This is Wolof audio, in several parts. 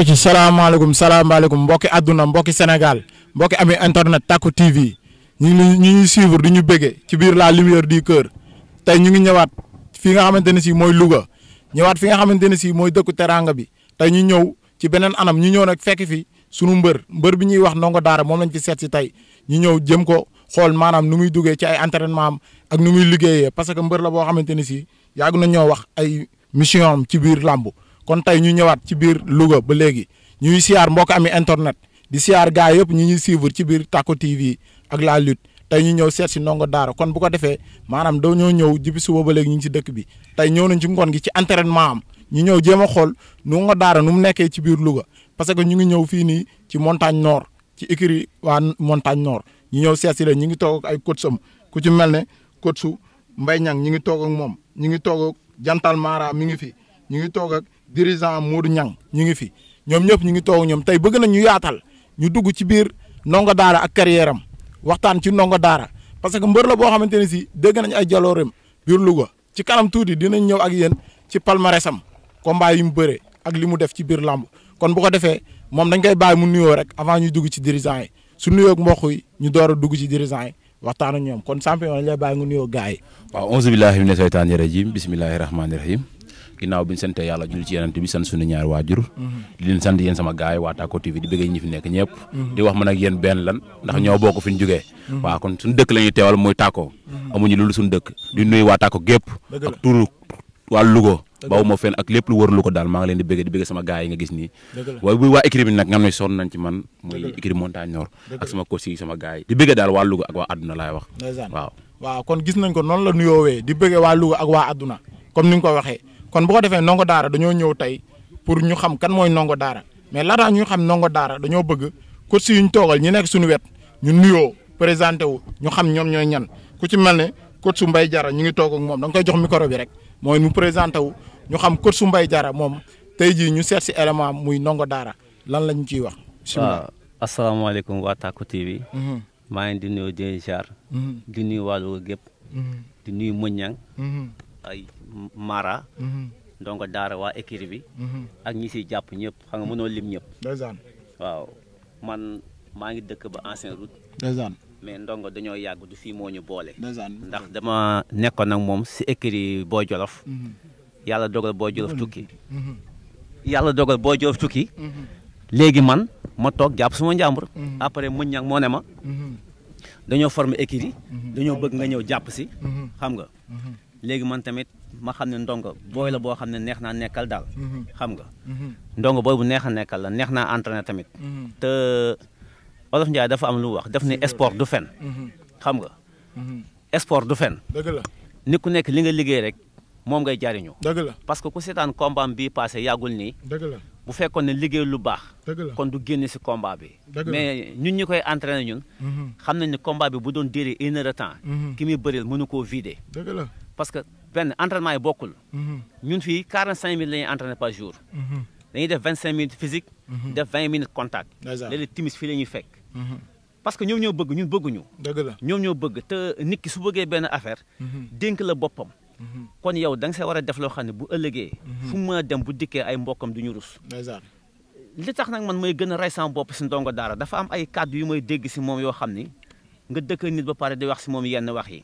ay ci salaamaaleykum salaamaaleykum mbokki àdduna mbokki Sénégal mbokki ami internet Tacko TV ñu ngi ñu ngi suivre di ñu béggee ci biir la lumière di cœur tey ñu ngi ñëwaat fii nga xamante ne si mooy Louga ñëwaat fi nga xamante ne si mooy dëkku teranga bi tey ñu ñëw ci beneen anam ñu ñëw nag fekk fi sunu mbër mbër bi ñuy wax ndongo daara moom lañ fi seet si tey ñu ñëw jëm ko xool maanaam nu muy duggee ci ay ak nu muy liggéeyee parce que mbër la boo xamante ne si yàgg na wax ay mission ci biir làmb kon tey ñu ñëwaat ci biir Louga ba léegi ñuy siyaar mbokk ami internet di siyaar gars yëpp ñu ñuy suivre ci biir Tacko TV ak la lutte tey ñu ñëw seet si ndongo daara kon bu ko defee maanaam doo ñoo ñëw jibi suba ba léegi ñu ngi ci dëkk bi tey ñëw nañ ci ngoon gi ci entraînement am ñu ñëw jéem a xool ndongo daara nu mu nekkee ci biir Louga parce que ñu ngi ñëw fii nii ci montagne nord ci écurie waa montagne noor ñu ñëw seet si la ñu ngi toog ay coach am ku ci mel ne coach su Mbaye Niang ñu ngi toog ak moom ñu ngi toog ak Jantal Mara mi ngi fi ñu ngi toog ak dirigeant Modou Niang ñu ngi fi ñoom ñëpp ñu ngi toog ñoom tey bëgg nañ ñu yaatal ñu dugg ci biir ndongo daara ak carrière waxtaan ci ndongo daara parce que mbër la boo xamante ne si dégg nañ ay jalooreem biir Louga ci kanam tuuti dinañ ñëw ak yéen ci palmarèsam combat yu mu bëre ak li mu def ci biir làmb kon bu ko defee moom dañ koy bàyyi mu nu yoo rek avant ñu dugg ci dirigeant yi su nuyoo ak mbokk yi ñu door a dugg ci dirigeant yi waxtaan ak ñoom kon champion lañ lay bàyyi nga nuyoo gars ginnaaw bi ñu sante yàlla julli ci yenante bi sant suñu ñaari waajur di leen sant yéen sama gaay waa Tacko TV di bëggee ñi fi nekk ñëpp mhm. di wax man ak yéen benn lan ndax ñoo fi ñu jógee mhm. kon suñu dëkk la ñuy teewal muy Tacko mhm. amuñu loolu suñu dëkk di nuyu waa Tacko gépp ak turu waa Louga bawu ma fenn ak lépp lu wër Louga daal maa ngi leen di bëggee di sama gaay nga gis nii waaye bu waa écrit bi nga xam ne sonn man muy écrit montagne nord ak sama coach sama gaay kon bu ko defee nongo daara dañoo ñëw tey pour ñu xam kan mooy ndongo daara mais laataa ñu xam ndongo daara dañoo bëgg coach yu ñu toogal ñu nekk suñu wet ñu nuyoo présenté wu ñu xam ñoom ñooy ñan ku ci mel ne coach su Mbaye Diarra ñu ngi toog moom da nga koy jox mikoro bi rek mooy mu présenté wu ñu xam kot su Mbaye Diarra moom tey jii ñu seet si élément muy ndongo daara lan la ñu ciy wax. bisimilah waaw asalaamaaleykum waa Tacko TV. Mm-hmm. maa ngi di nuyu mm-hmm. di nuyu waa Louga gépp mm-hmm. di nuyu Mouniang Mara. Mm-hmm. donc Daara waa écurie bi. Mm-hmm. ak ñi siy jàpp ñëpp xam nga mënoo lim ñëpp. ndeysaan waaw man maa ngi dëkk ba ancien route. ndeysaan mais ndongo dañoo yàgg du fii moo ñu boole. ndax dama nekkoon nag moom si écurie Boy Jolof. Mm-hmm. yàlla dogal Boy Jolof tukki. yàlla dogal Boy Jolof tukki. léegi man ma toog jàpp suma njàmbur. après muñ ñag moo ne ma. dañoo former écurie. dañoo bëgg nga ñëw jàpp si. xam nga léegi man tamit. ma xam ne ndongo booy ne neex naa nekkal daal. Mhm. xam nga. Mhm. ndongo booy bu neex a nekkal la neex naa entraîné tamit. Mhm. te Olof Ndiaye dafa am lu wax def ni sport du fen. xam nga. sport du fen. dëgg la ni ku nekk li nga liggéey rek moom ngay jariñu dëgg la parce que ku seetaan combat bi passé yàggul nii. bu fekkoon ne liggéey lu baax. kon du génn si combat bi. mais ñun ñi koy entraîné ñun. xam nañ ne combat bi bu doon duré une temps. ki muy bëril mënu koo vider. dëgg benn entraînement yi bokkul. Mhm. ñun fii 45 minutes la ñuy entraîné par jour. Mhm. dañuy def 25 minutes physique. Mhm. def 20 minutes contact. léeg-léeg timis fii la fekk. parce ñoom ñoo bëgg ñun bëgguñu. dëgg ñoom ñoo bëgg te nit ki bëggee benn affaire. dénk la boppam. kon yow da nga war a def loo xam ne bu ëllëgee. fu mu a dem bu dikkee ay mbokkam du ñu rus. li tax nag man may gën a rey sama bopp si ndongo daara dafa am ay kàddu yu may dégg si moom yoo xam ni. nga dëkk nit ba pare di wax si moom yenn wax yi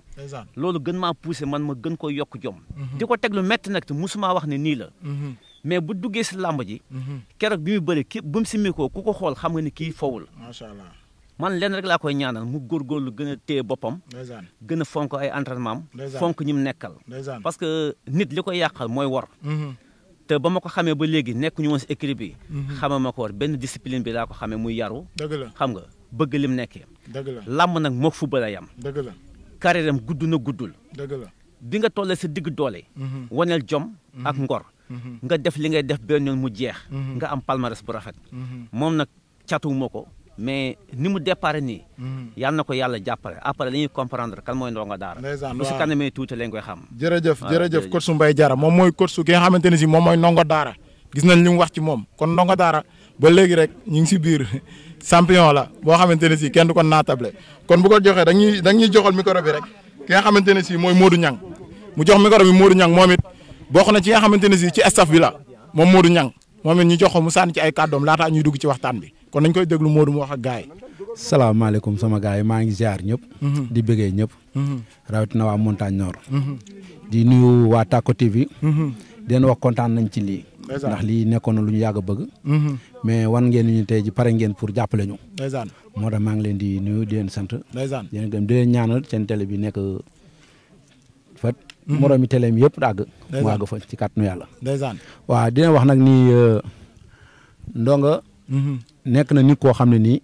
loolu gën maa poussé man ma gën ko yokk jom mhm. di ko teg lu métti nag te mosumaa wax ne nii la mhm. mais bu duggee si làmb ji mhm. keroog bi mu bëri ki bu mu simikoo ku ko xool xam nga ni kii fowul macha allah man leen rek laa koy ñaanal mu góorgóorlu gën a téye boppam gën a fonk ay entraînement fonk ñi mu nekkal parce nit li ko yàqal mooy wor te ba ma ko xamee ba léegi nekk ñu woon si équipe bi xamee ma ko war benn discipline bi bëgg lim nekkee. dëgg la làmb nag moog football a yam. dëgg la carrière am gudd na guddul. dëgg la bi nga tollee sa digg doole. Mhm. waneel jom ak mhm. ngor. Mhm. nga def li ngay def benn yoon mu jeex. nga am palmarès bu rafet. moom nag catuwuma ko. mais ni mu départ nii. yal na ko yàlla jàppale après dañuy comprendre kan mooy ndongo daara. ndeysaan waaw lu si kanamee tuuti lañ koy xam. a jërëjëf coach Mbaye Diarra moom mooy coach ki xamante ne si moom mooy ndongo daara gis nañ li wax ci moom kon ndongo daara ba léegi champion la boo xamante ne si kenn du ko naatable kon bu ko joxee dañuy dañuy joxal micro bi rek ki nga xamante ne si mooy Modou Niang mu jox micro bi Modou Niang moom it bokk na ci nga xamante ne si ci staff bi la moom Modou Niang moom it ñu jox ko mu sànni ci ay kàddoom laataa ñuy dugg ci waxtaan bi kon nañ koy déglu Modou mu wax ak gars yi. sama gars yi maa ngi ziar ñëpp. Mhm. di bëggee ñëpp. Mhm. rawatina waa Montagne Nord. Mhm. di nuyu waa Tako TV. den wax kontaan nañ ci lii. ndax lii nekkoon na lu ñu yàgg bëgg. Mm-hmm. mais wan ngeen ñu tey ji pare ngeen pour jàppale ñu. ndeysaan moo tax maa ngi leen di nuyu di leen sant. ndeysaan di leen gëm di leen ñaanal seen télé bi nekk fa. Mm-hmm. moromi télé mi yëpp dàgg. mu àgg fa kat kàttanu yàlla. ndeysaan waaw di leen wax nag ni euh, ndonga. Mm-hmm. nekk na nit koo xam ne nii.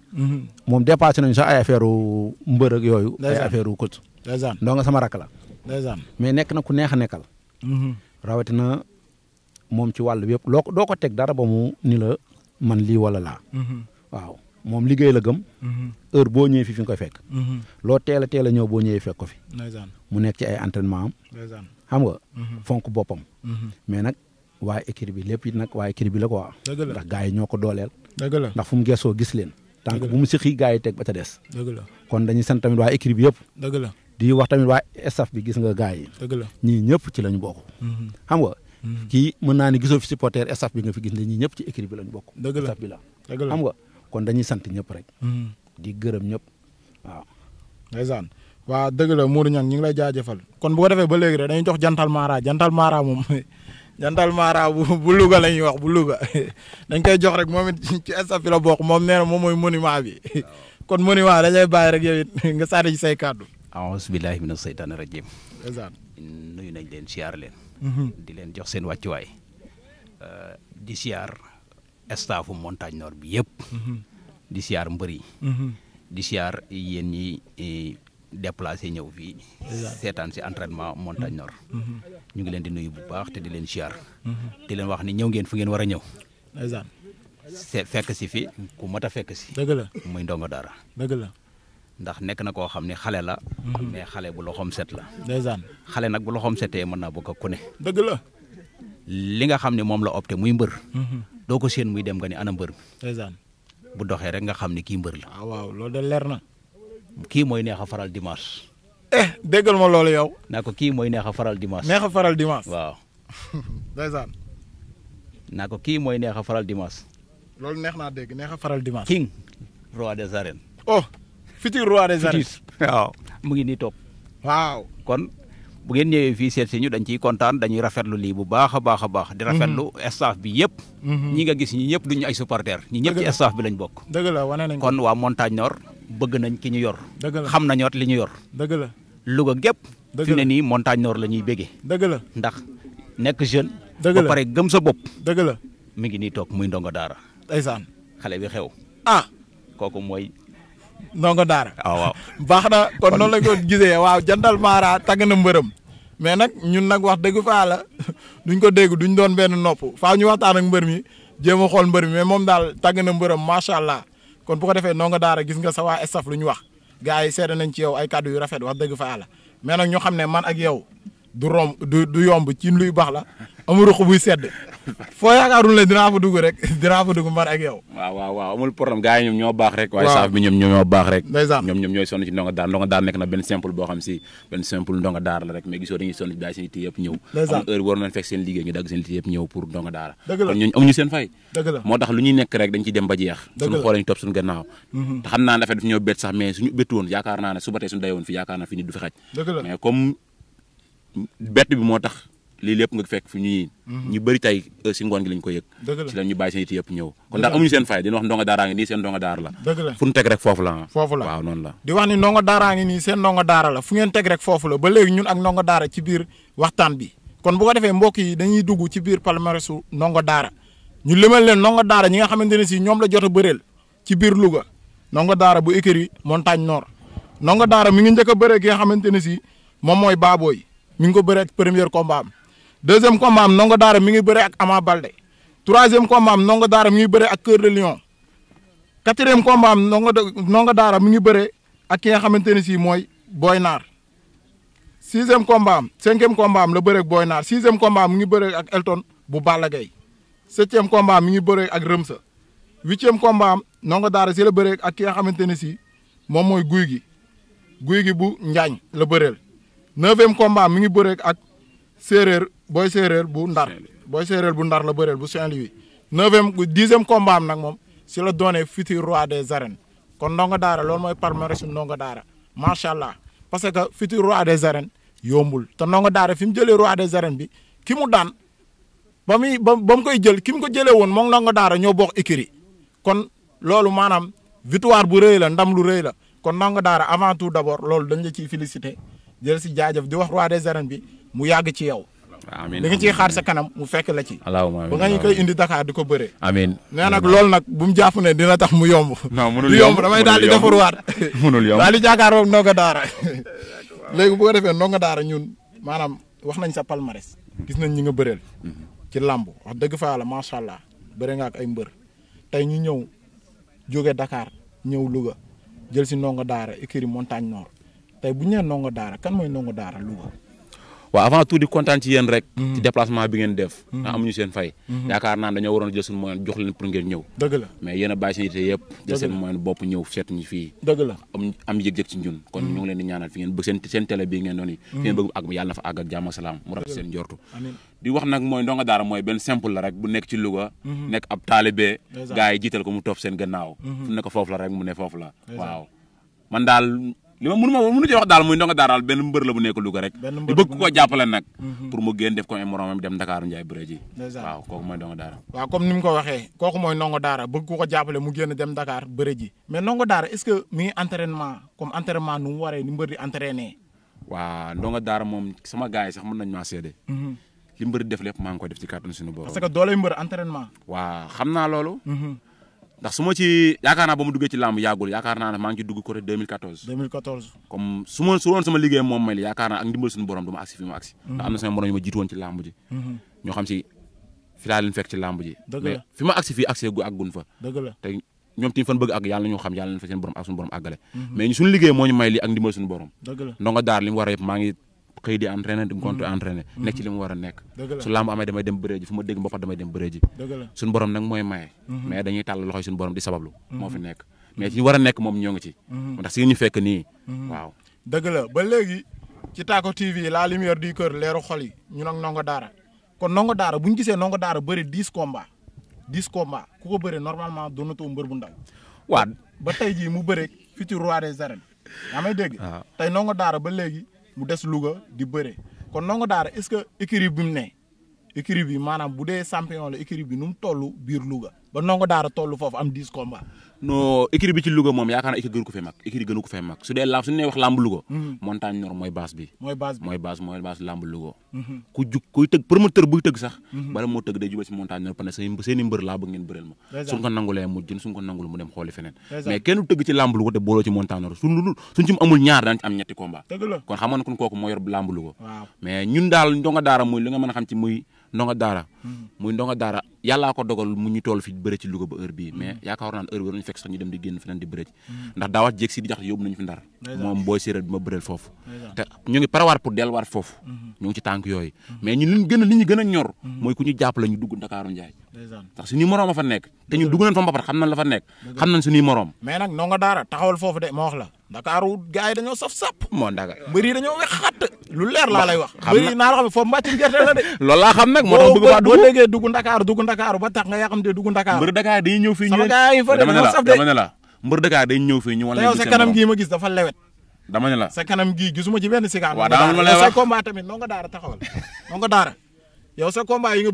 moom dépassé nañu sax ay affaire mbër ak yooyu. ay affaire yu kët. ndeysaan ndonga sama rakk la. mais nekk na ku neex a nekkal. rawatina. moom ci wàll yëpp loo ko doo ko teg dara ba mu ni la man lii wala laa. Mm-hmm. waaw moom liggéey la gëm. Mm-hmm. heure boo ñëwee fi fi nga koy fekk. Mm-hmm. loo teel a a ñëw boo ñëwee fekk ko fi. mu nekk ci ay entraînement am. xam nga. fonk boppam. mais nag waaye équipe lépp it nag waaye équipe bi la quoi. ndax gars yi ñoo ko dooleel. dëgg la ndax fu mu gëstoo gis leen. tant que bu mu siqi gars yi teg ba ca des. dëgg la kon dañuy sant tamit waa équipe bi yëpp. dëgg la di wax tamit waa staff bi gis nga gars yi. kii mën naa ne gisoo fi supporter staff bi nga fi gis ne ñi ñëpp ci équipe bi lañ bokk. dëgg kon dañuy sant ñëpp rek. Hmm. di gërëm ñëpp waaw. ndeysaan waa dëgg la Modou Niang ñu ngi lay jaajëfal kon bu ko ba léegi rek dañuy jox jantal Mara jantal Mara moom jantal Mara bu bu Louga la bu Louga dañ koy jox rek moom it bi la bokk moom nee moom mooy monument bi kon monument dañ lay bàyyi rek yow nga sànni ci say kàddu. aouzu billahi mina seytaani rajim. nuyu nañ leen siyaar leen. Mm-hmm. di leen jox seen wàccuwaay euh, di siyaar staffu montagne nord bi yëpp. Mm-hmm. di siyaar mbër yi. Mm-hmm. di siyaar yéen ñi e, déplacé ñëw fii. seetaan si entraînement montagne nord. ñu ngi leen di nuyu bu baax te di leen siyaar. di leen wax ni ñëw ngeen fu ngeen war a ñëw. fekk si fi ku mat fekk si. muy ndongo daara ndax nekk na koo xam ne xale la. Mhm. mais xale bu loxoom set la. ndeysaan xale nag bu loxoom setee mën naa bokk ak ku li nga xam ne moom la opté muy mbër. Mhm. doo ko séen muy dem nga ni ana mbër. ndeysaan bu doxee rek nga xam ne ki mbër la. ah waaw loolu de leer na. kii mooy neexa faral dimanche. eh déggal ma lool yow. naa ko kii mooy neex a faral dimanche. neex a faral dimanche waaw. ndeysaan. naa ko kii mooy neex a faral loolu neex naa dégg neex a faral dimanche. king futur roi des arènes mu ngi nii toog. waaw kon bu ngeen ñëwee fii seet si ñu dañ ciy kontaan dañuy rafetlu lii bu baax a baax a baax. di mhm. lu staff bi yëpp. Mhm. ñi nga gis ñi ñëpp duñu ay supporter ñi ñëpp ci staff bi lañ bokk. dëgg la wane nañ kon waa Montagne Nord bëgg nañ ki ñu yor. dëgg la xam nañoot li ñu yor. dëgg la Louga gépp fi ne nii Montagne Nord la ñuy bégee. dëgg la ndax nekk jeune. dëgg ba pare gëm sa bopp. dëgg la mi ngi nii toog muy ndongo daara. ndeysaan xale bi xew. ah kooku mooy ndongo daara. Ah, waaw baax na kon noonu la ko gisee waaw jantal maara tagg na mbërëm. mais nag ñun nag wax dëgg fa la duñ ko dégg duñ doon benn noppu faa ñu waxtaan ak mbër mi jéem a xool mbër mi mais moom daal tàgg na mbërëm macha allah kon bu ko defee ndongo daara gis nga sa waa staff lu ñu wax gars yi seede nañ ci yow ay kàddu yu rafet wax dëgg fa la mais na ñu xam ne man ak yow du romb du du yomb ci luy baax la amul ruq buy sedd foo yaakaarul ne dinaa fa dugg rek dinaa fa dugg mbar ak yow. waaw waaw waaw amul problème gars yi ñoom ñoo baax rek. waaye saaf bi ñoom ñoo baax rek. ndeysaan ñoom ñoom ñooy sonn ci ndonga daar ndonga daar nekk na benn simple boo xam si benn simple ndonga daar la rek mais gisoo dañuy sonn ci daay seen itti yëpp ñëw. ndeysaan am heure war nañ fekk seen liggéey ñu dagg seen itti yëpp ñëw pour ndonga daara. dëgg la kon ñooñu amuñu seen fay. dëgg la moo tax lu ñuy nekk rek dañ ci dem ba jeex. dëgg la suñu xoolee ñu topp suñu gannaaw. Mhm. te xam naa ne affaire daf ñoo bett sax mais suñu bettu woon yaakaar naa ne suba tey suñu dayoon fi yaakaar naa fi nit du fi xaj mais comme bett bi moo tax lii lépp nga fekk fu ñuy mhm. ñu bëri tey euh, si ngoon gi lañ ko yëg si la ñu bàyyi seen it yëpp ñëw kon ndax amuñu seen fay dina wax ndongo daaraa ngi nii seen ndongo daara la fu ñu teg rek foofu la foofu la waaw noonu la di wax ni ndongo daaraa ngi seen ndongo daara la fu ngeen teg rek foofu la ba léegi ñun ak ndongo daara ci biir waxtaan bi kon bu defee mbokk yi dañuy dugg ci biir palmarèsu ndongo daara ñu lemal leen ndongo daara ñi nga xamante ne si ñoom la jot a bëreel ci biir Louga ndongo daara bu écurie Montagne Nord ndongo daara mi ngi njëkk a bëree ki nga xamante ne si moom mooy Baboy mi ngi ko bëree ak premier combat am deuxième combat am Ndongo Daara mi ngi bëree ak Ama Balde troisième combat am Ndongo Daara mi ngi bëree ak Cœur de Lion quatrième combat am Ndongo Ndongo Daara mi ngi bëree ak ki nga xamante ne sii mooy Boy Naar sixième combat am cinquième combat am la bëree ak Boy Naar sixième combat am mi ngi bëree ak Elton bu Balla Gaye septième combat am mi ngi bëree ak Remsa huitième combat am Ndongo Daara si la bëree ak ki nga xamante ne sii moom mooy guy gi guy gi bu Njaañ la bëreel. neuvième combat mi ngi bëreeg ak séeréer booy séeréer bu ndar booy séeréer bu ndar la bëreel bu Saint-Louis neuvième dixième combat am nag moom si la doonee fiiti roi des arènes kon ndongo daara loolu mooy palmarèsu ndongo daara macha allah parce que futur roi des arènes yombul te nongo daara fi mu jëlee roi des arènes bi ki mu daan ba muy ba ba koy jël ki ko jëlee woon moom ndongo daara ñoo bok écurie kon loolu maanaam victoire bu rëy la ndam lu rëy la kon ndongo daara avant tout d'abord loolu dañ la ciy féliciter jël si jaajëf di wax roi des arènes bi mu yàgg ci yow. amiin li nga ciy xaar sa kanam mu fekk la ci. allahumma ba nga ñu koy indi dakaar di ko bëree. amiin nee nag loolu nag bu mu jàpp ne dina tax mu yomb. non munul yomb damay daal di defarwaat. munul yomb daal di jàkkaarloog ndongo daara. léegi bu ko defee ndongo daara ñun maanaam wax nañ sa palmarès. gis nañ ñi nga bëreel. ci làmb wax dëgg fa yàlla macha allah bëri nga ay mbër tey ñu ñëw jóge Dakar ñëw Louga jël si nongo daara écurie Montagne Nord. tey bu ñu nee ndongo daara kan mooy ndongo daara Louga. waaw avant tout di kontaan ci yéen rek. Mm-hmm. déplacement bi ngeen def. Mm-hmm. ndax amuñu seen fay. Mm-hmm. yaakaar naa dañoo waroon jël suñu moyen jox leen pour ngeen ñëw. dëgg la mais a bàyyi seen yite yëpp. jël seen moyen bopp ñëw seet ñu fii. dëgg la am am yëg-yëg ci ñun. kon ñu leen di fi seen seen télé bii ngeen doon yi. fi ngeen bëgg àgg yàlla na fa àgg ak jàmm salaam mu rafet seen njortu. di wax nag mooy ndongo daara mooy benn simple la rek bu nekk ci Louga. nekk ab taalibe. gars yi jiital ko mu topp seen gannaaw. fu nekk foofu la rek li ma mënu ma mënu ci wax daal muy ndongo daaraal benn mbër la bu nekk Louga rek di bëgg ko jàppale nag mhm. pour mu génn def ko ay moromam dem Dakar Ndiaye bëre waaw kooku mooy ndongo daara waaw comme ni mu ko waxee kooku ko jàppale mu génn dem Dakar bëre ji mais ndongo daara est-ce que mi ngi entraînement comme entraînement nu mu waree ni di entraîné waaw ndongo daara moom sama gars yi sax mën nañ ma seede mhm. li mbër def lépp maa ngi koy def ci kàttanu suñu borom parce que doolay mbër entraînement ndax su ma yaakaar naa ba duggee ci làmb yàggul yaakaar yaakaar naa mhm. na sama morom ma jiitu woon mhm. si fi laa leen fekk ci làmb ji. dëgg la mais fi ma agsi fii agsi ak yàlla ñoo borom ak mhm. daar li mu war a yëpp xëy di entraîné di gontu mm-hmm. entraîné mm-hmm. nekk ci li mu war a nekk su lamb amee damay dem bëree ji fu ma dégg mbapat damay dem bëree ji borom nag mooy maye mm-hmm. mais dañuy tàll loxoy suñu borom di sabablu moo fi nekk mais ci war a nekk moom ñoo ci ndax si ñu fekk nii waaw dëgg ba léegi ci Tako TV la lumière du cœur leeru xol ñu nag Ndongo Daara kon Ndongo Daara bu ñu gisee Daara ba tey jii mu bëre futur roi des arènes yaa may dégg ah. tey Ndongo Daara mu des Louga di bëre kon ndongo daara est-ce que écurie bi mu ne écurie bi maanaam bu dee champion la écurie bi nu mu toll biir Louga ba ndongo daara toll foofu am 10 combats. non écurie bi ci Louga moom yaakaar naa écurie gënu ko fee mag écurie wax lamb Louga. Hmm. montagne Nioro mooy base bi. mooy base bi mooy hmm. ku jug kuy tëgg promoteur buy tëgg sax. Hmm. bala moo tëgg day jubal si montagne Nioro parce que seen i amul ñaar daan am ñetti combats. kon xamoon na kooku moo yor lamb Louga. waaw mais ñun daal ndongo daara muy li nga xam ci muy ndongo daara hmm. muy ndongo daara yàllaa ko dogal mu ñu toll fi bëre ci Louga mais hmm. yaakaar naa ne heure bi dañu fekk ñu dem di génn feneen di bëre hmm. ndax daa wax jéeg si di jaxte ndar moom booy séeréer bi ma bëreel foofu te ñu ngi parewaat pour delluwaat foofu ñu ngi ci tànk yooyu mais ñu liñ gën a li ñu gën a ñor mooy ku ñu jàppale ñu dugg Ndakaaru Njaay ndax suñuy moroom a fa nekk te ñu dugg nañ fa mbapat xam nañ la fa nekk xam nañ suñuy moroom mais la Ndakaaru gars da dañoo saf sàpp. moo Ndaka mbër yi dañoo wex xatt lu leer laa lay wax. xam naa la xam ne de. loolu laa xam nag moo tax bëgg faa dugg boo déggee dugg tax nga yaa xam te dugg Ndakaaru. Dakar dañuy ñëw fii ñu. sama de moo Dakar dañuy ñëw fii ñu. wala yow kanam gii ma gis dafa lewet. dama ne la sa kanam gii gisuma ci benn sigaar. waaw daa ma lay wax sa combat tamit noo nga daara taxawal noo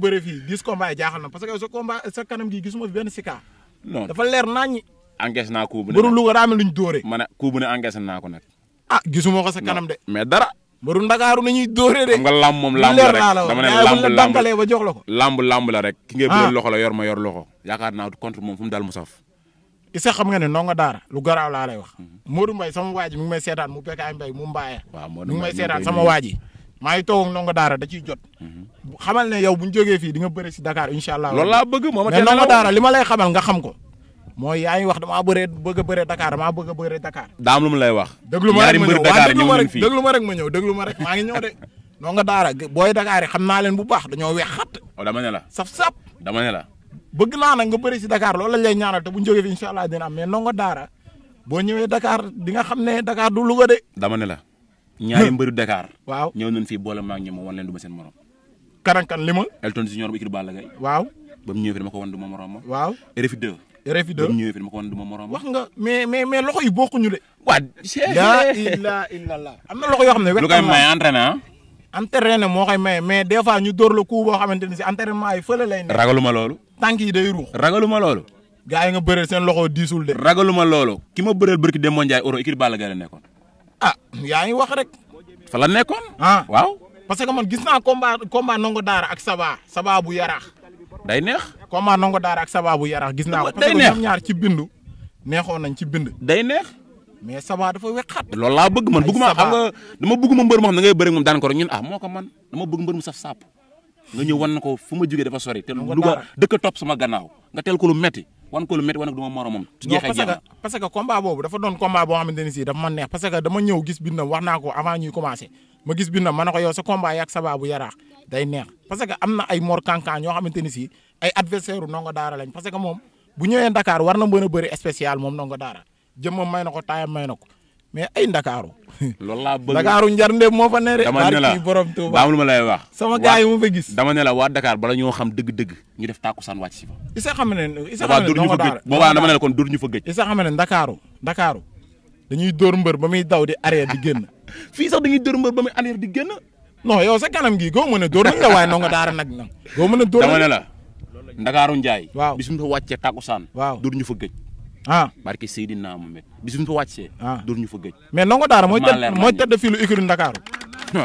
gis combat yi jaaxal na parce que sa combat sa kanam gii gisuma fi benn sigaar. non dafa leer naññi encaissé naa coup ne. mbëru Louga daa mel ni ñu ne coup naa ko nag. ah gisuma ko sa kanam de. mais dara. mbëru Ndakaaru nañuy dóore de. xam nga lamb moom lamb la rek dama ne lamb la dànkalee ba jox la ko. lamb lamb la ah. la yor ma yor loxo. yaakaar naa contre moom fu mu daal mu saf. Isa xam nga lu garaaw laa lay wax. Mhm. Modou Mbaye sama waa ji seetaan mu pekkaay mbay mu mbaaya. waaw Modou seetaan sama waa ji. maa ngi toog ak ndongo daara da ciy jot. Mhm. xamal ne yow bu ñu jógee fii di nga bëre si Dakar incha allah. loolu laa bëgg moom a teel a daara li ma lay nga xam ko mooy yaa ngi wax damaa bëree bëgg a bëree Dakar damaa a bëree Dakar. daam lu mu lay wax. déglu ma rek ma ñëw waaw Dakar xam naa leen bu baax dañoo weex xat. oh dama ne la saf dama ne la. bëgg naa nag nga bëri si Dakar loolu la lay ñaanal te bu ñu jógee fi incha dina am mais daara boo ñëwee Dakar di nga xam ne Dakar du Louga de. dama ne la ñaari mbëru Dakar. waaw ñëw nañ fii boole maa ngi ñëw wan leen du ma seen morom. kan ak kan li ma. Elton Junior bu équipe Balla Gaye. waaw ba mu ñëwee fi dama ko wan du ma morom ma. waaw RFI 2 RFI 2 ñëwee fi ma ko mais mais loxo yi bokkuñu de. waa la am na loxo yoo xam ne. lu koy may entraîné ah. entraîné moo koy may mais des fois ñu dóor la boo xamante ni si entraînement yi fële lay. ragaluma loolu. tànk yi day ruux. ragaluma loolu. yi nga bëreel seen loxo diisul de. ragaluma loolu ki ma bëreel barki Demba Ndiaye euro équipe Balla Gaye la nekkoon. ah yaa ngi wax rek. fa la nekkoon. ah waaw. parce que man gis naa combat combat nangu daara ak Saba Saba bu yaraax. day neex. combat Ndongo Daara ak Saba bu Yarax gis naa ko. day neex parce que ñaar ci bindu neexoon nañ ci bind. day neex. mais Saba dafa wexaat. loolu laa bëgg man bëgguma xam nga dama bëgguma mbër moo xam da ngay bëri moom daan ko rek ñun ah moo dama bëgg mbër mu saf nga ñëw wan na ko fu ma jógee dafa sori. te lu ga dëkk topp sama gannaaw nga teel ko lu metti wan ko lu metti wan ak du ma moromam. non parce que parce dafa doon combat boo xamante ne si dafa ma neex parce que dama ñëw gis bind na wax naa ko avant ñuy commencé ma gis bi na ma ne ko yow sa combat yi day neex parce que am na ay Mor Kankan ñoo xamante ni si ay adversaire u Ndongo Daara lañ parce que moom bu ñëwee Dakar war na mën a bëri spécial moom Ndongo Daara jëmmam may na ko taayam may na ko mais ay Ndakaaru. loolu laa bëgg Ndakaaru njarndeem moo fa ne de. dama borom Touba am lu ma wax. sama gars yi mu fa gis. dama ne la waa Dakar bala ñoo xam dëgg-dëgg ñu def tàkkusaan wàcc si fa. isa xam ne isa xam ne dama daara boobaa dama ñu fa gëj. isa xam ne Ndakaaru Ndakaaru dañuy dóor mbër ba muy daw di arrêt di génn fii sax dañuy dóor mbër ba muy arrière di génn. non yow sa kanam gi goo mën a dóor nañ la waaye ndongo daara nag nag. goo mën a dóor dama ne la. Ndakaaru Njaay. waaw bis mu fa wàccee tàkkusaan. waaw dóor ñu fa gëj. ah barke Seydina Mohamed bis bu ñu fa wàccee. ah dóor ñu fa gëj. mais ndongo daara mooy tëdd mooy tëdd fii lu écurie Ndakaaru.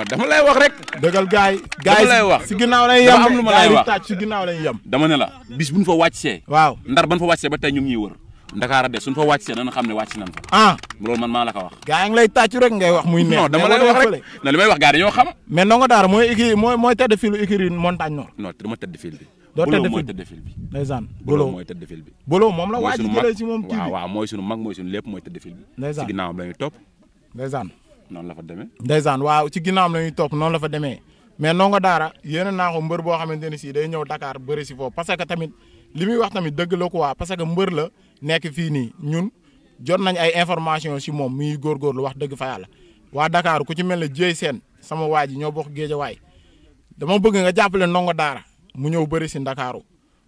dama lay wax rek. dëggal gaay gaay si ginnaaw lay yem dama am lu ma lay wax si ginnaaw yem. dama ne la bis bu ñu fa wàccee. waaw ndar ban fa wàccee ba tey ñu ngi ñuy wër Dakar de suñ fa wàcc see dana xam ne wàcc nañ fa. ah loolu man maa la ko wax. gaa yi ngi lay tàccu rek ngay wax muy. neex non dama lay wax rek non li xam. mais Ndongo Daara mooy écurie mooy mooy bi. doo tedd fil mooy fil bi. Bolo mooy tedd la waa ji jëlee si moom kii bi waaw waaw mooy sunu mag mooy sunu lépp mooy tedd fil bi. ndeysaan si ginnaawam la ñuy topp. ndeysaan noonu la fa demee. waaw ci ginnaawam la ñuy topp noonu la fa demee mais Ndongo Daara yéen naa ko mbër boo xamante ne si day ñëw Dakar bëri si foofu que tamit li muy wax tamit dëgg la quoi parce que mbër la nekk fii nii ñun jot nañ ay information si moom muy góorgóorlu wax dëgg fa yàlla waa Dakar ku ci mel ne Dieye Sène sama waa ji ñoo bokk géejawaay dama bëgg nga jàppale ndongo daara mu ñëw bëri si ndakaaru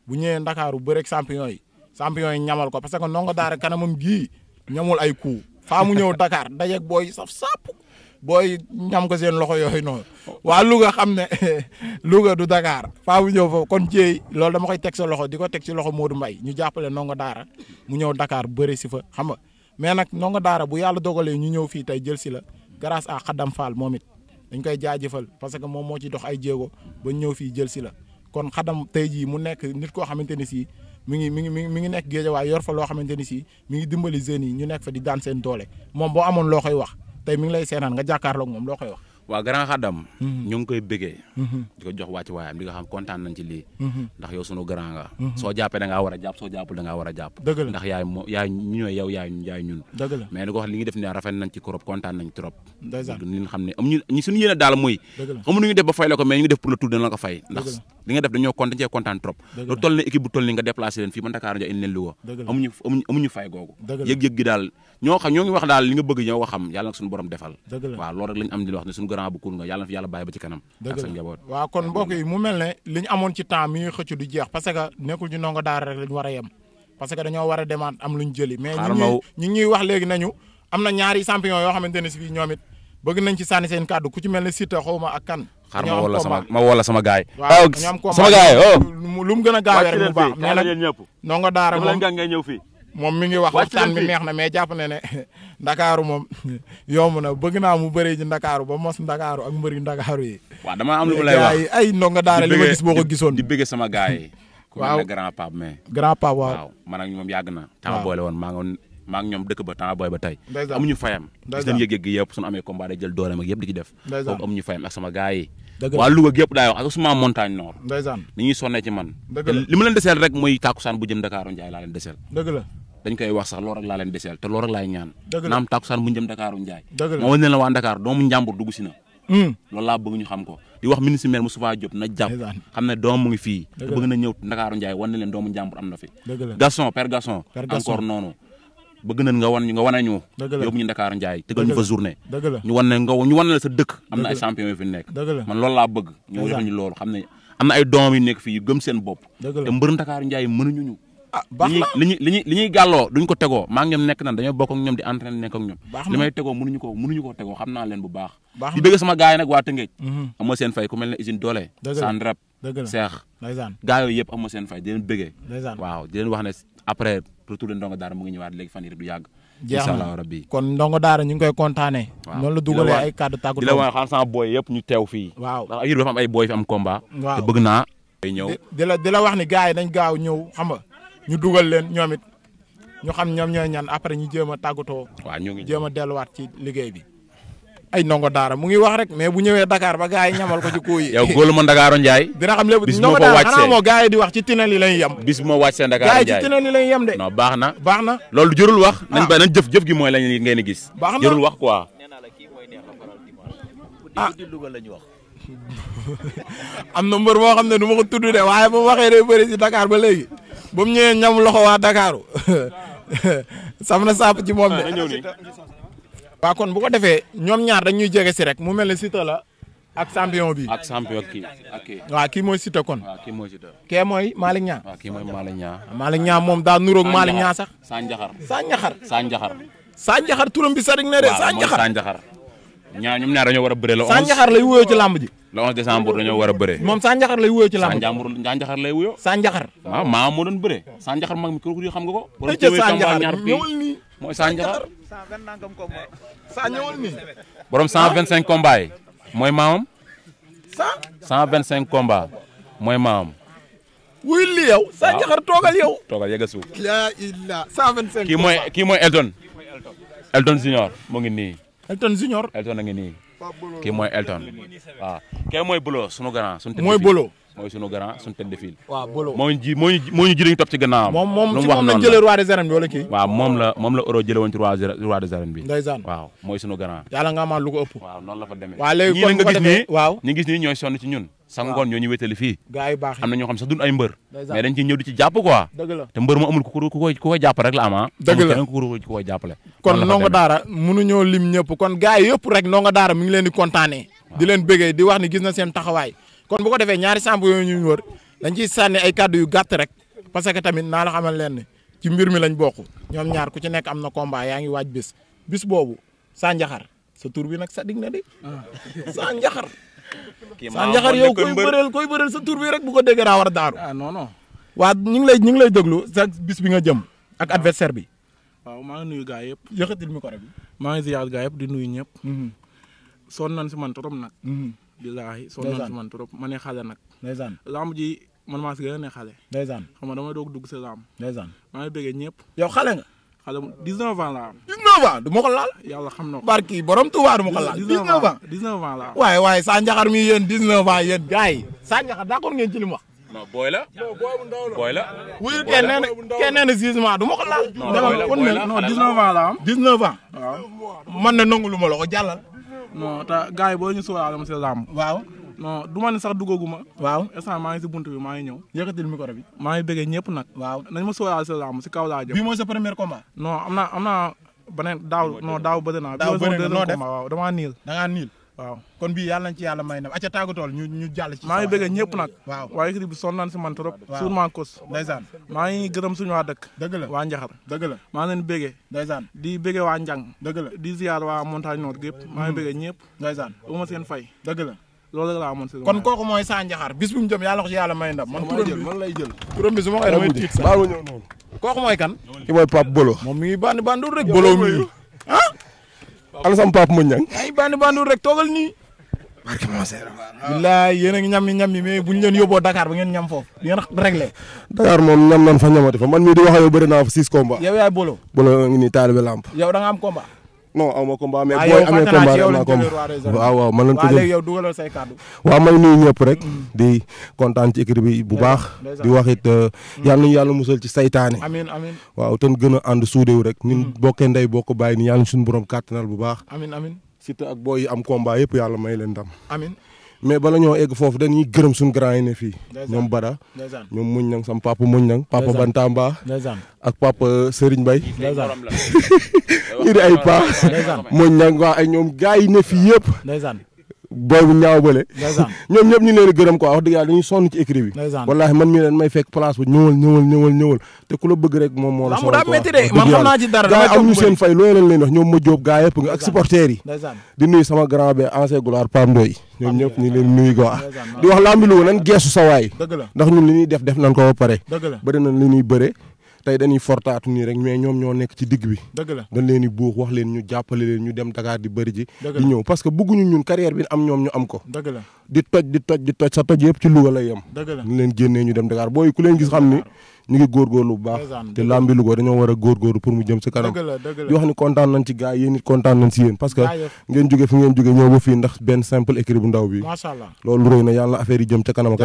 bu ñëwee ndakaaru bëreeg champion yi champion yi ñamal ko parce que ndongo daara kanamam gii ñamul ay coup faa mu ñëw Dakar dajeeg booy saf sàpp booy ñam ko seen loxo yooyu noonu waa Louga xam ne Louga du dakaar faa bu ñëw foofu kon jéey loolu dama koy teg sa loxo di ko teg ci loxo du mbay ñu jàppale ndongo daara mu ñëw Dakar bëri si fa xam nga mais nag ndongo daara bu yàlla dogalee ñu ñëw fii tey jël si la grâce à Xaddam Fall moom it dañ koy jaajëfal parce que moom moo ci dox ay jéego ba ñëw fii jël si la kon Xaddam tey jii mu nekk nit koo xamante ni si mi ngi mi ngi mi ngi mi ngi nekk géejawaay yor fa loo xamante ni si mi ngi dimbali yi ñu nekk fa di daan seen doole moom boo amoon loo koy wax tey mi ngi lay seenaan nga jàkkaarloog moom loo koy wax. waa grand xadam mhm. ñu ngi koy bëggee mhm. di jox wàcc waayam di nga xam kontaan mhm. soo jàppee da ngaa war a jàpp soo jàppul da ngaa war ndax yaay ñun mais di ngi def ne rafet nañ ci trop kontaan xam ne am ñu daal mooy xamu nu ñu def ba fay la ko mais ñu ngi def pour le tour dina la ko fay ndax li nga def dañoo kontaan cee kontaan trop lu toll ne équipe bu ni nga déplacé leen fii ba Ndakaaru ja indi leen Louga amuñu fay googu yëg-yëg daal ñoo ngi wax daal li nga bëgg ñoo ko xam yàlla nag suñu grand bu kur nga fi yàlla bàyyi ba ci kanam. ak kon mbokk mu mel ne li amoon ci temps mi xëcc du jeex parce que nekkul ci ndongo daara rek la ñu a yem parce que dañoo war a am lu jëli. mais ñu wax léegi nañu am ñaari champion yoo xamante si fii ñoom bëgg nañ ci sànni seen kàddu ku ci mel ne Siteu xaw ma ak kan. xaar ma wala sama gaay waaw oh, sama gaay oh. lu gën a gaawee rek bu baax mais nag ndongo daara moom moom mi ngi wax waxtaan bi neex na mais jàpp na ne ndakaaru moom yomb na bëgg naa mu bëree ji ndakaaru ba mos ndakaaru ak mbëri ndakaaru yi. waaw dama am lu mu lay wax ay ndonga daan li ma gis boo ko gisoon. di bëgg sama gars yi. waaw grand pape mais. grand ñoom yàgg na. temps boole woon maa ngi maa ngi ñoom dëkk ba temps booy ba tey. amuñu fayam. gis nañu yëg-yëg yëpp suñu ci def. boobu amuñu fayam ak sama gars yi. waa Louga gi yëpp daay wax ak Ousmane Montagne Nord. ndeysaan ni ñuy sonnee ci man. li ma deseel la. dañ koy wax sax loolu rek laa leen deseel te loolu rek laay ñaan naam tàkkusaan bu ñu Dakaaru Njaay ma wan waa na hmm. loolu laa bëgg ñu na jàpp xam ne doom mu ngi fii te bëgg na ñëw Dakaaru Njaay wan ne leen doomu njàmbur am na fi Gaston Père Gaston encore noonu bëgg ñu wax ñu loolu am na ay doom nekk fii yu gëm seen bopp mbër Dakar Ndiaye mënuñu ñu ah baax na li ñuy li ñuy li ñuy gàlloo duñ ko tegoo maa ngi ñoom nekk nan dañoo bokk ak ñoom di entraîné nekk ak ñoom. li may tegoo mënuñu ko mënuñu ko tegoo xam naa leen bu baax. di bëgg sama gars yi nag waa Tëngéej. Mhm. am na seen fay ku mel ne usine doole. saan rab seex. gaa yooyu yëpp seen fay di leen bëggee. waaw di leen wax ne après retour de Ndongo Daara mu ngi ñëwaat léegi fan yii du yàgg. jeex na kon ndongo daara ñu koy kontaanee. waaw la dugalee ay kàddu tàggu di la wax xaar sama booy gaaw ñëw ñu dugal leen ñoom it ñu xam ñoom ñooy ñan après ñu jéem a tàggatoo. waaw ñu ngi jéem a delluwaat ci liggéey bi. ay daara mu ngi wax rek mais bu ñëwee Dakar ba gars yi ñamal ko ci kuu yi. yow góolu ma Ndakaaru Ndiaye. dina xam lépp ndongo daara xanaa moo gars yi di wax ci tinel yi yem. bis bu ma wàccee Ndakaaru Ndiaye gars yi na baax na. loolu jërul wax. Ah. nañ ba nañ jëf jëf gi mooy lañ ngeen di gis. baax na wax quoi. ah am na mbër moo xam ne du ma ko tudd de waaye bu ma waxee Dakar ba léegi ba mu ñëwee ñam loxo waa Dakar sam na sapp ci moom de. Ah, waaw kon bu ko defee ñoom ñaar dañ ñuy jege si rek mu mel ne Siteu la ak champion bi. ak champion kii ak kii. kii mooy Siteu kon. waaw kii mooy Siteu. kee mooy Malick Niang. waaw kii mooy Malick Niang. Malick Niang moom daa nuróog Malick Niang sax. Sandiakhar Sandiakhar. Sandiakhar. bi sarik ne de. waaw mooy ñaar ñoom ñaar dañoo war a bëre la. Sandiakhar lay wuyoo ci làmb ji. le 11 décembre dañoo war a bëre. moom Sandiakhar lay wuyoo ci làmb ji. Sandiakhar lay wuyoo. Sandiakhar. waaw maa moo doon bëre. Sandiakhar mag mi kooku yi xam nga ko. war a jëwee combat ñaar fii mooy Sandiakhar. saa ñëwal nii. borom 125 combats yi mooy maamam. 125 combats mooy maamam. wuy li yow. waaw Sandiakhar toogal yow. toogal yegg suuf. yaa illa 125. kii mooy kii mooy Elton. Elton Junior mu ngi nii Elton Junior. Elton a ngi nii kii mooy Elton waaw kii mooy Bolo sunu grand. sunu mooy Bolo. mooy sunu grand sunu tête de file. waaw Bolo moo ñu ji moo ñu moo ñu ji ci gannaawam. moom moom ci moom lañ jëlee roi bi wala kii. waaw moom la moom la euro jëlee woon ci bi. ndeysaan waaw mooy sunu grand. yàlla nga ma lu ko ëpp. waaw noonu la fa demee. waaw léegi kon ko defee ñun sa ngoon ñoo ñu wétali fii am na ñoo xam sax duñ ay mbër mais dañ ci ñëw di ci jàpp quoi te mbër mu amul ku koy ku koy jàpp rek la am ah dëgg la ku koy jàppale kon ndongo daara mënuñoo lim ñëpp kon gars yi yëpp rek ndongo daara mi ngi leen di kontaanee di leen bëggee di wax ni gis na seen taxawaay kon bu ko defee ñaari samp yooyu ñu wër dañ ciy sànni ay kàddu yu gàtt rek parce que tamit naa la xamal leen ci mbir mi lañ bokk ñoom ñaar ku ci nekk am na combat yaa ngi waaj bis bis boobu Sa Ndiakhar sa tur bi nag sa dig na de ah. Sa Ndiakhar Sa Ndiakhare yow koy bëreel koy bëreel sa tur bi rek bu ko déggee daa war a daaru. ah ñu ngi lay ñu ngi lay déglu sa bis bi nga jëm. ak ah. adversaire bi. waaw maa ngi nuyu gaay yëpp. yëkkatil maa ngi ziar gaay yëpp di nuyu ñëpp. Mm-hmm. sonn nañ si man trop nag. Mm-hmm. billaahi sonn nañ si man trop ma ne xale nag. ndeysaan lamb ji man maa si gën a ne xale. ndeysaan xam nga dama dugg si lamb. maa ngi bëggee ñëpp. yow xale bu 19 ans laa am. 19 ans du ma ko laal. barki borom Tuubaa du laal. 19 ans 19 ans laa waaye waaye Sa Ndiakhar mi yéen 19 ans yéen gars yi. Sa Ndiakhar d'accord ngeen ci li mu wax. non na na jugement ma ko laal. non booy la non 19 ans laa am. 19 ans waaw. man na nangu lu ma yi boo ñu sóoraale non du ma ne sax duggaguma waaw instant maa ngi si bunt bi maa ngi ñëw yëkkatil micro bi maa ngi bëggee ñëpp nag waaw nañ ma sóoraal sa si kaw laa jëm bii mooy sa premier combat am naa am daaw daaw bëri naa daaw bëri nga noo def waaw damaa niil da ngaa kon bii yàlla ci yàlla may na acca tàggatool ñu ñu jàll ci maa ngi bëggee ñëpp nag waaw waaye kii bi sonn naan si man trop sûrement kos ndeysaan maa ngi gërëm suñu waa dëkk dëgg la waa njaxar dëgg la maa ngi leen bëggee ndeysaan di bëggee waa njàng dëgg la di ziar waa montagne nord gépp maa ngi mm. bëggee ñëpp ndeysaan uma seen fay dëgg la loolu laa amoon kon kooku mooy Sa Ndiakhar bis bu mu jëm yàlla ko ci yàlla may ndam man lay jël turam bi su kan ki mooy Pape Bolo moom mi ngi bandi bandul rek Bolo mi ah ana sam Pape Mouniang ay bandi bandul rek toogal nii barke moo seer billaay yéen a ngi ñam yi ñam yi leen yóbboo Dakar ba ngeen ñam foofu di ngeen réglé Dakar moom ñam nan fa ñamati fa man mii di wax yow bëri naa fa six combat yow yaay Bolo Bolo ngi nii lamp yow da nga am combat non aw ma combat mais ah, booy amee combat am naa combat waaw waaw man lañ ko jël waaw may nuyu ñëpp rek mm. di kontaan ci équipe bi bu baax di wax it euh, mm. yal nañu yàlla musal ci saytaane amiin amiin waaw ten gën a ànd suudewu rek ñun mm. bokkee ndey bokk bàyyi ni yàlla suñu borom kàttanal bu baax amiin amiin surtout ak booy yi am komba yëpp yàlla may leen ndam amiin mais bala ñoo egg foofu dañuy gërëm suñu grand yi ne fii. ñoom Bada. ñoom muñ nang sam papa muñ nang papa Bantamba. ak papa euh, Serigne Mbaye. ñu di ay pa muñ nang waa ay ñoom gars yi ne fii yëpp. booy bu ñaaw bële ñoom ñëpp ñu leen gërëm quoi wax dëgg yàlla dañuy sonn ci écrit bi wallaahi man mii leen may fekk place bu ñëwal ñëwal ñëwal te ku la bëgg rek moom moo la sonal man xam naa ci dara gaa am ñu seen fay looy ñoom ñëpp ñu leen nuyu quoi di wax lambi lu nan geesu sa ndax ñun li ñuy def def nan ko pare bëri nañ ñuy bëre tey dañuy fortaatu nii rek mais ñoom ñoo nekk ci digg bi dëgg la dañ leen di buux wax leen ñu jàppale leen ñu dem Dakar di bëri ji di ñëw parce que bëgguñu ñun carrière bi am ñoom ñu am ko dëgg la di toj di toj di toj sa toj yëpp ci Louga lay yem ñu leen génnee ñu dem Dakar booy ku leen gis xam ni ñu ngi góorgóorlu bu baax te làmbi Louga dañoo war a góorgóorlu pour mu jëm si kanam di wax ni kontaan nañ ci gars yéen it kontaan nañ si yéen parce que ngeen jóge fi ngeen jóge ñëw ndax benn simple écrit bu ndaw bi loolu rëy na yàlla affaire yi a kanam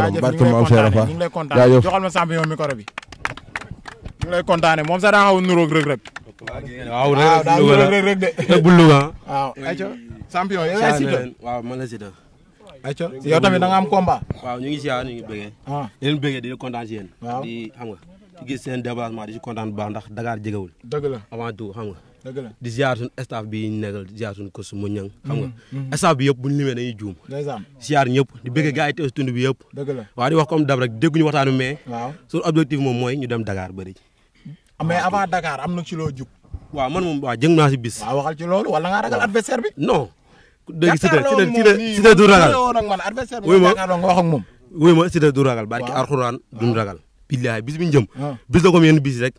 mu lay kontaanee moom sax daa xaw a nuróog rëg rëg. waaw daal nuróog rëg rëg de. rëg bu Louga. waaw ayca champion yow waaw tamit da am combat. waaw ñu ngi si ñu ngi bëggee. Ah. di kontaan si di xam nga di gis seen déplacement di si kontaan bu baax ndax Dakar la avant tout xam di ziar suñu bi ñu nekkal di ziar suñu kos mu ñang xam nga mm, mm. staff bi yëpp bu ñu limee dañuy juum ziar ñëpp di bëgg gars yi teew bi yëpp dëgg la waaw di wax comme dab rek dégguñu waxtaanu mais waaw suñu objectif moom mooy ñu dem Dakar bëri Ah, mais avant Dakar am na ci loo jub. waaw man moom waa jëng naa si bis. waaw waxal ci loolu wala ngaa ragal adversaire bi. non. dëgg si de si de si de du ragal wuy ma wuy si de du ragal barki bis bi bis la comme yenn bis rek.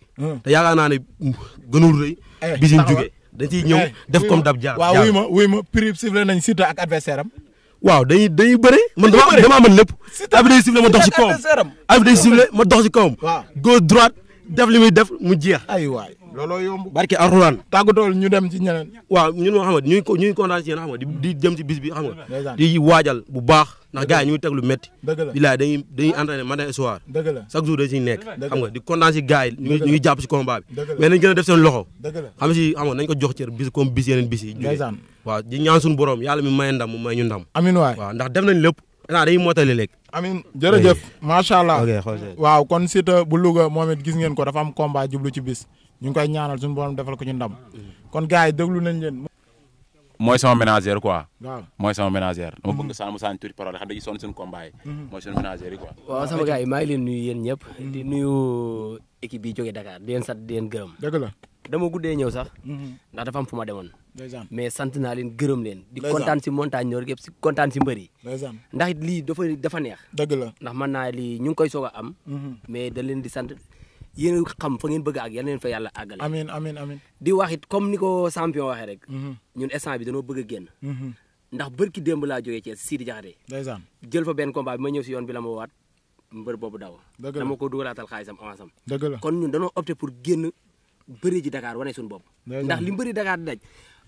te yaakaar naa ne eh, bis yi ñu jugee da ciy eh, def comme dab jaar. waaw wuy ma wuy ma prix sifflé nañ Siteu ak adversaire am. waaw dañuy dañuy bëre. ma dox si kawam. ma dox si kawam. gauche def li muy def mu jeex. ay waay looloo yomb. barke Alxuraan. tàggatool ñu dem ci ñeneen. waaw ñun moo xam ne ñu ngi ko di dem ci bis bi xam nga. di waajal bu baax. ndax gars yi ñu ngi teg lu métti. dëgg la bilaay dañuy dañuy entraîné matin et soir. dëgg la chaque jour dañ siy nekk. xam nga di kontaan si gars yi. ñu ngi ñu ngi jàpp si combat bi. mais a def seen loxo. xam nga si xam nga nañ ko jox cër bis comme bis yeneen bis yi. ndeysaan waaw borom yàlla mi may ndam mu may nañ lépp état day mootale léegi. amiin jërëjëf macha allah. waaw kon Siteu bu Louga moom it gis ngeen ko dafa am combat jublu ci bis ñu ngi koy ñaanal suñu borom defal ko ci ndam kon gars yi déglu nañ leen. mooy sama ménagère quoi. waaw mooy sama ménagère. dama bëgg sànni mu sànni tuuti parole xam dañuy sonn suñu mhm. mooy suñu ménagère yi waaw sama gars yi leen nuyu yéen ñëpp. Mhm. nuyu équipe bi Dakar di leen sant di leen gërëm. dëgg la dama guddee ñëw sax. Mhm. ndax dafa am fu ma mais sant naa leen gërëm leen di kontaan si montagne ñor yëpp si kontaan si mbër yi ndax it lii dafa dafa neex la ndax mën naa lii ñu ngi koy soog a am mhm. mais da leen di sant yéen xam fa ngeen bëgg ak yal leen fa yàlla àggale amiin di wax it ni ko champion waxee rek mhm. ñun instant bi dañoo bëgg a génn mhm. ndax bërki démb laa jógee Thiès Sidi Diakhaté jël fa benn combat bi ma ñëw si yoon bi la ma waat mbër boobu daw dama ko dugalaatal xaalisam avance am dëgg kon ñun dañoo opté pour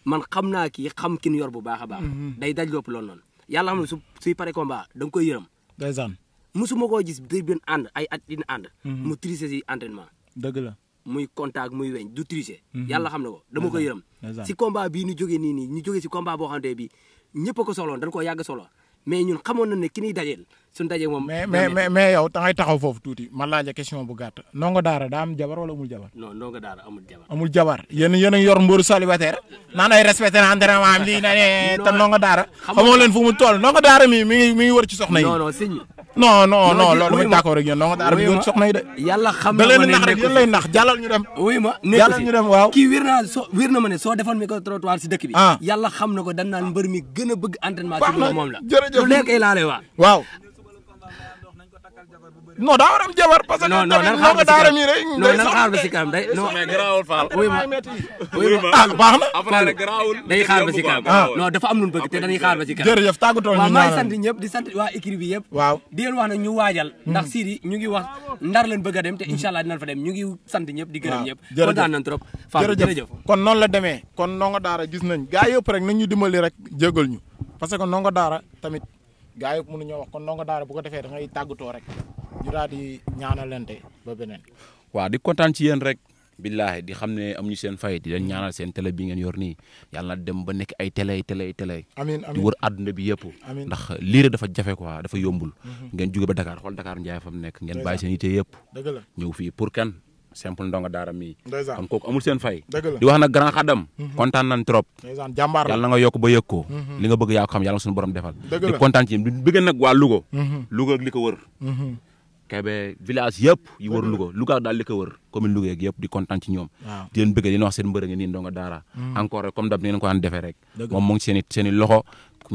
man xam naa kii xam ki nu yor bu baax a baax. Mm-hmm. day daj lépp loolu noonu. yàlla xam ne su suy paree combat da nga koy yërëm. ndeysaan. musuma koo gis day benn ànd ay at dina ànd. Mm-hmm. mu tricher si entraînement. dëgg la muy contact muy weñ du tricher. Mm-hmm. yàlla xam ne ko dama koy yërëm. si combat bii ñu jógee nii nii ñu jógee si combat boo xamante bi bii ñëpp a ko soxla woon dañu yàgg solo mais ñun xamoon na ne ki ñuy dajeel. suñu dajee moom. mais mais mais yow da ngay taxaw foofu tuuti ma laaj question bu gàtt. ndongo daara daa am jabar wala amul jabar. non ndongo daara amul jabar. amul jabar yéen yéen a yor mbooru célibataire naan ay respecté na entraînement am lii na ne eh, eh, te daara. xamoo leen fu mu toll ndongo daara mi mi ngi mi ngi wër ci non non sëñ non non non loolu muy d'accord rek yéen ndongo daara bi wër soxna yi de. yàlla na ma ne nekk da leen di nax rek dem. ma jàllal waaw. kii wér soo wér na ma ne soo defoon micro trottoir si dëkk bi. Ah. yàlla xam na ko dañ naan mbër mi gën a bëgg entraînement. ci moom la jërëjëf lu nekk laa lay waaw non daa war am jabar parce que. non non nan xaar ba si kanam non nan xaar ba si kanam day. non mais garaawul Fall. wuy ma wuy ma ah baax na. Fall day xaar ba si kanam. Ah, non dafa am lu mu bëgg te dañuy xaar ba si kanam. jërëjëf tàggatoo ñu waaw maa ngi sant ñëpp di sant waa équipe bi yëpp. waaw di leen wax nag ñu waajal. Hmm. ndax Sidi ñu ngi wax ndar leen bëgg a dem te hmm. incha allah dinañ fa dem ñu ngi sant ñëpp di gërëm ñëpp. waaw jërëjëf kontaan nañ trop Fall jërëjëf. kon noonu la demee kon ndongo daara gis nañ gaa yëpp rek nañ ñu dimbali rek jégal ñu parce que ndongo daara tamit gaa yëpp mënu ñoo wax kon ndongo daara bu ko defee da ngay tàggatoo rek ñu daal di ñaanalante ba beneen. waaw di kontaan ci yéen rek. billaahi di xam ne amuñu seen fay di leen ñaanal seen télé bi ngeen yor nii yàlla na dem ba nekk ay télé télé télé. amiin amiin di wër àdduna bi yëpp. ndax lii dafa jafe quoi dafa yombul. Mhm. ngeen jóge ba Dakar xool Dakar Ndiaye fa mu nekk. ngeen bàyyi seen yite yëpp. dëgg la ñëw fii pour kan simple ndongo daara mii. kon mhm. kontaan nañ trop. jàmbaar yàlla yokk ba yëg ko. Mhm. li nga bëgg yaa xam yàlla na suñu borom defal. di kontaan ci Kébé village yëpp yi wër Louga Louga daal li ko wër commune Louga yeeg yëpp di kontaan ci ñoom di leen bëgg dina wax seen mbërë ngi nii mm. encore comme dab ni ngeen ko daan defee rek moom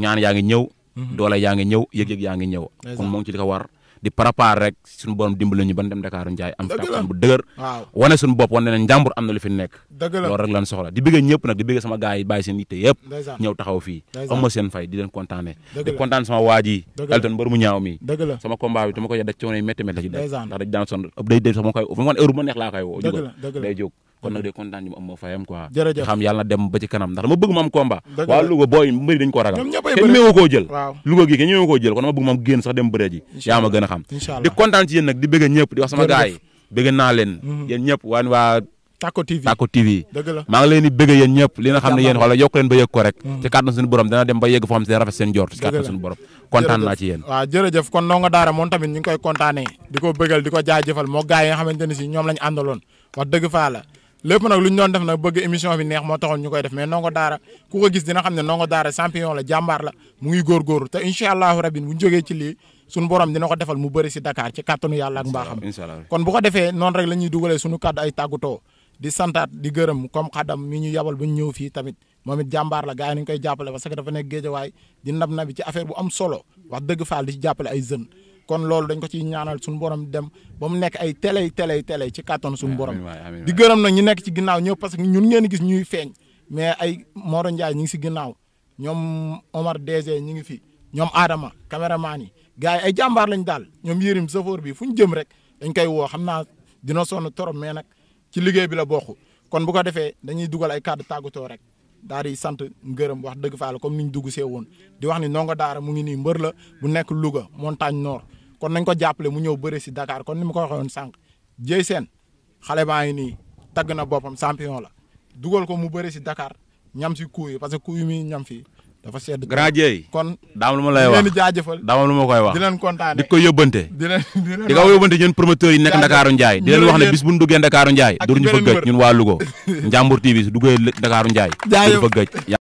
yaa ngi ñëw mm-hmm. doole yaa ngi ñëw yëg-yëg yaa ngi ñëw kon mu ngi war di préparer rek suñu borom dimbali ñu ban dem Dakar Ndiaye am tàkkusaan bu dëgër wane suñu bopp wane ne am na lu fi nekk loolu rek lan soxla di bëggee ñëpp nag di bëggee sama gaay yi bàyyi seen yitte yëpp ñëw taxaw fii am seen fay di leen kontaane di kontaan sama waa Elton mbër mu ñaaw mi sama combat bi dama koy daj coono yi la ci daan son day day sax ma koy fu ma neex laa koy woo day kon nag de kontaan ñu am moo fayam quoi. jërëjëf xam yàlla na dem ba ci kanam ndax dama bëgg ma am combat. dëgg waa Louga booy mbëri dañ ko ragal. ñoom ñëppay bëri kenn ñëwee koo jël. waaw Louga gi kenn ñëwee koo jël kon dama bëgg ma am génn sax dem bëree ji. yaa ma gën a xam. di kontaan ci yéen nag di bëgg ñëpp di wax sama gars yi. bëgg naa leen. Mhm. yéen ñëpp waan waa. Tako TV Tako TV. dëgg la maa ngi leen di bëgg yéen ñëpp li nga xam ne yéen xoolal yokk leen ba yëg ko rek. Mhm. ci kàttan suñu borom dana dem ba yëg foo xam ne rafet seen jor ci kàttan suñu borom kontaan naa ci yéen. waaw jërëjëf kon ndongo daara moom tamit ñu ngi koy kontaanee. di ko bëggal di ko jaajëfal moo gaa yi nga xamante ne si ñoom lañ àndaloon wax dëgg faa la lépp nag lu ñu doon def nag bëgg émission bi neex moo taxoon ñu koy def mais Ndongo Daara ku ko gis dina xam ne Ndongo Daara champion la jàmbaar la mu ngi góorgóorlu te incha allahu rabbi bu ñu jógee ci lii suñu borom dina ko defal mu bëri si dakaar ci kàttanu yàlla ak mbaaxam kon bu ko defee noonu rek la ñuy dugalee suñu kàddu ay tàggutoo di santaat di gërëm comme xadam mi ñu yabal ba ñëw fii tamit moom it jàmbaar la gars yi nañu koy jàppale parce que dafa nekk géejawaay di nab nabi ci affaire bu am solo wax dëgg faal di ci jàppale ay jeunes kon loolu dañ ko ciy ñaanal suñu borom dem ba mu nekk ay télé télé télé ci katon suñu borom di gërëm nag ñu nekk ci ginnaaw ñëw parce que ñun ngeen gis ñuy feeñ mais ay Moro Ndiaye ñi ngi si ginnaaw ñoom Omar DG ñi ngi fi ñoom Adama caméraman yi gars yi ay jàmbaar lañ daal ñoom Yérim safoor bi fu ñu jëm rek dañ koy woo xam naa dina sonn torop mais nag ci liggéey bi la bokk kon bu ko defee dañuy dugal ay kàddu tàggatoo rek daal di sant ngërëm wax dëgg fa la comme ni ñu dugg see woon di wax ni ndongo daara mu ngi nii mbër la bu nekk Louga montagne nord kon nañ ko jàppale mu ñëw bëre si Dakar kon ni ma ko waxee woon sànq Dieye Sène xale baa ngi nii tagg na boppam champion la dugal ko mu bëre si Dakar ñam si coup yi parce que coup yi muy ñam fii dafa sedd. grand Dieye kon daam lu ma lay wax di leen jaajëfal daam lu ma koy wax di kontaane di ko yóbbante. di leen di leen di ko wax ne bis bu ñu duggee Ndakaaru Ndiaye. ak ñu fa gëj ñun waa Louga Njàmbur TV su duggee Ndakaaru Ndiaye. jaajëf du gëj